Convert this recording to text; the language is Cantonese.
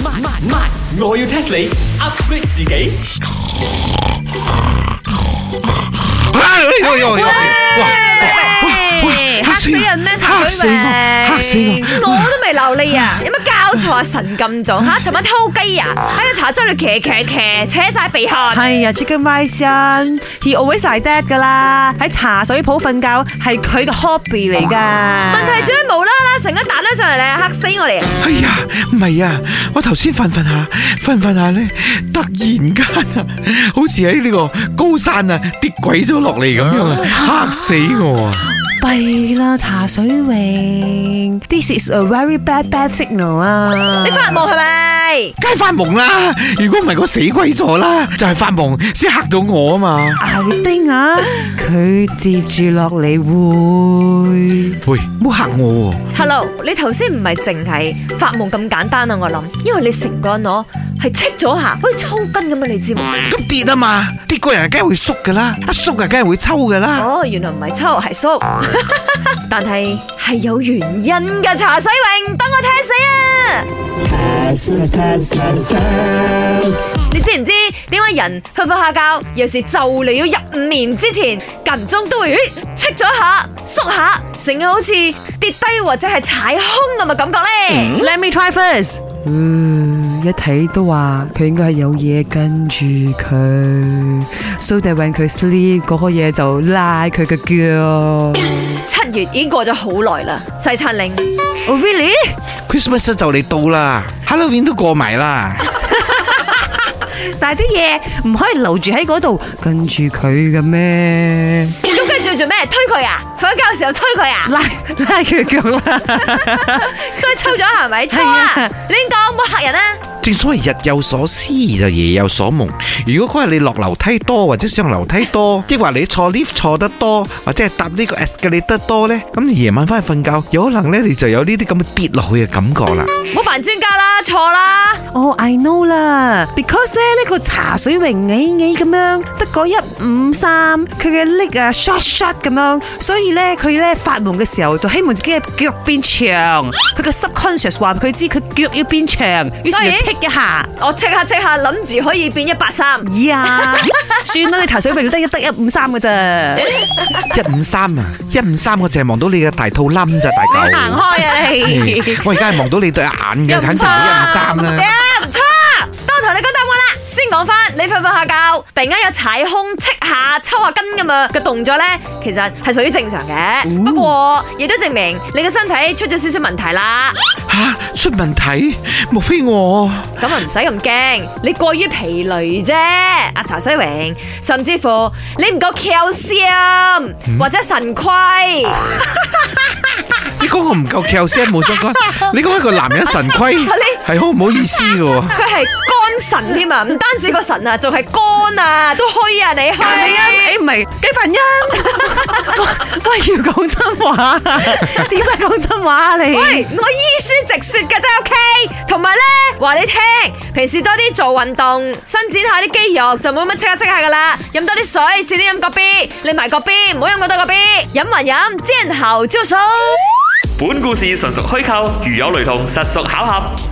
慢慢慢，我要 test 你，upgrade 自己。哎呦呦呦！嚇死人咩？陳偉。我都未流利啊！有乜交錯啊？神咁重吓，尋晚偷雞啊！喺個茶桌度騎騎騎，扯晒鼻鼾。係啊，Jack Wilson，He always sad 噶啦。喺茶水鋪瞓覺係佢嘅 hobby 嚟噶。問題最無啦啦，成日彈得上嚟咧，吓死我哋！哎呀，唔係啊，我頭先瞓瞓下，瞓瞓下咧，突然間啊，好似喺呢個高山啊跌鬼咗落嚟咁樣啊，吓、哎、呀死我！啊、哎。弊啦，茶水泳 This is a very bad bad signal 啊！你發夢係咪？梗係發夢啦、啊，如果唔係個死鬼咗啦，就係、是、發夢先嚇到我啊嘛！艾丁啊，佢接住落嚟會喂，唔好嚇我、啊！Hello，你頭先唔係淨係發夢咁簡單啊？我諗，因為你食過我。係戚咗下，好似抽筋咁啊！你知冇？咁跌啊嘛，跌個人梗係會縮噶啦，一縮啊梗係會抽噶啦。哦，原來唔係抽係縮，但係係有原因噶。茶水榮，等我睇吓啊！你知唔知點解人瞓瞓下覺，有時就嚟要入五年之前，間唔中都會咦戚咗下，縮下，成個好似跌低或者係踩空咁嘅感覺咧？Let me try first。嗯，一睇都話佢應該係有嘢跟住佢，so that when 佢 sleep 嗰個嘢就拉佢嘅腳。七月已經過咗好耐啦，西餐令。Oh really？Christmas 就嚟到啦，Halloween 都過埋啦。 但係啲嘢唔可以留住喺嗰度跟住佢嘅咩？咁跟住做咩？推佢啊？瞓覺嘅時候推佢啊，拉拉佢腳啦，所以抽咗係咪？錯，你講冇吓人啊。正所謂日有所思就夜有所夢。如果嗰日你落樓梯多或者上樓梯多，即係話你坐 lift 坐得多，或者係搭呢個 escalator 多咧，咁你夜晚翻去瞓覺，有可能咧你就有呢啲咁嘅跌落去嘅感覺啦。我扮專家啦，錯啦。哦，I know 啦，because 咧呢個茶水榮矮矮咁樣，得個一五三，佢嘅 lift 啊 short short 咁樣，所以。咧佢咧發夢嘅時候就希望自己嘅腳變長，佢個 subconscious 話佢知佢腳要變長，於是就 check 一下，我 check 下 check 下諗住可以變一百三，咦啊，算啦、 嗯，你查水表得一得一五三嘅咋，一五三啊，一五三我淨係望到你嘅大肚冧咋，大狗，行開啊你，我而家係望到你對眼嘅，簡直係一五三啦。你瞓瞓下覺，突然間有踩空、戚下、抽下筋咁樣嘅動作咧，其實係屬於正常嘅。不過亦都證明你嘅身體出咗少少問題啦。吓，出問題？莫非我？咁啊，唔使咁驚，你過於疲累啫。阿茶水餅，甚至乎你唔夠鈣質啊，或者腎虧。你講我唔夠鈣質冇相干，你講一個男人腎虧，係好唔好意思嘅喎。神添啊，唔單止個神啊，仲係肝啊，啊都虛啊，你虛啊，你唔係機份因，不 要講真話，點解講真話啊你？喂，我醫書直說噶啫，O K。同埋咧，話你聽，平時多啲做運動，伸展下啲肌肉，就冇乜即刻即刻噶啦。飲多啲水，遲啲飲個啤，你埋個啤，唔好飲過多個啤，飲埋飲，煎喉招數。本故事純屬虛構，如有雷同，實屬巧合。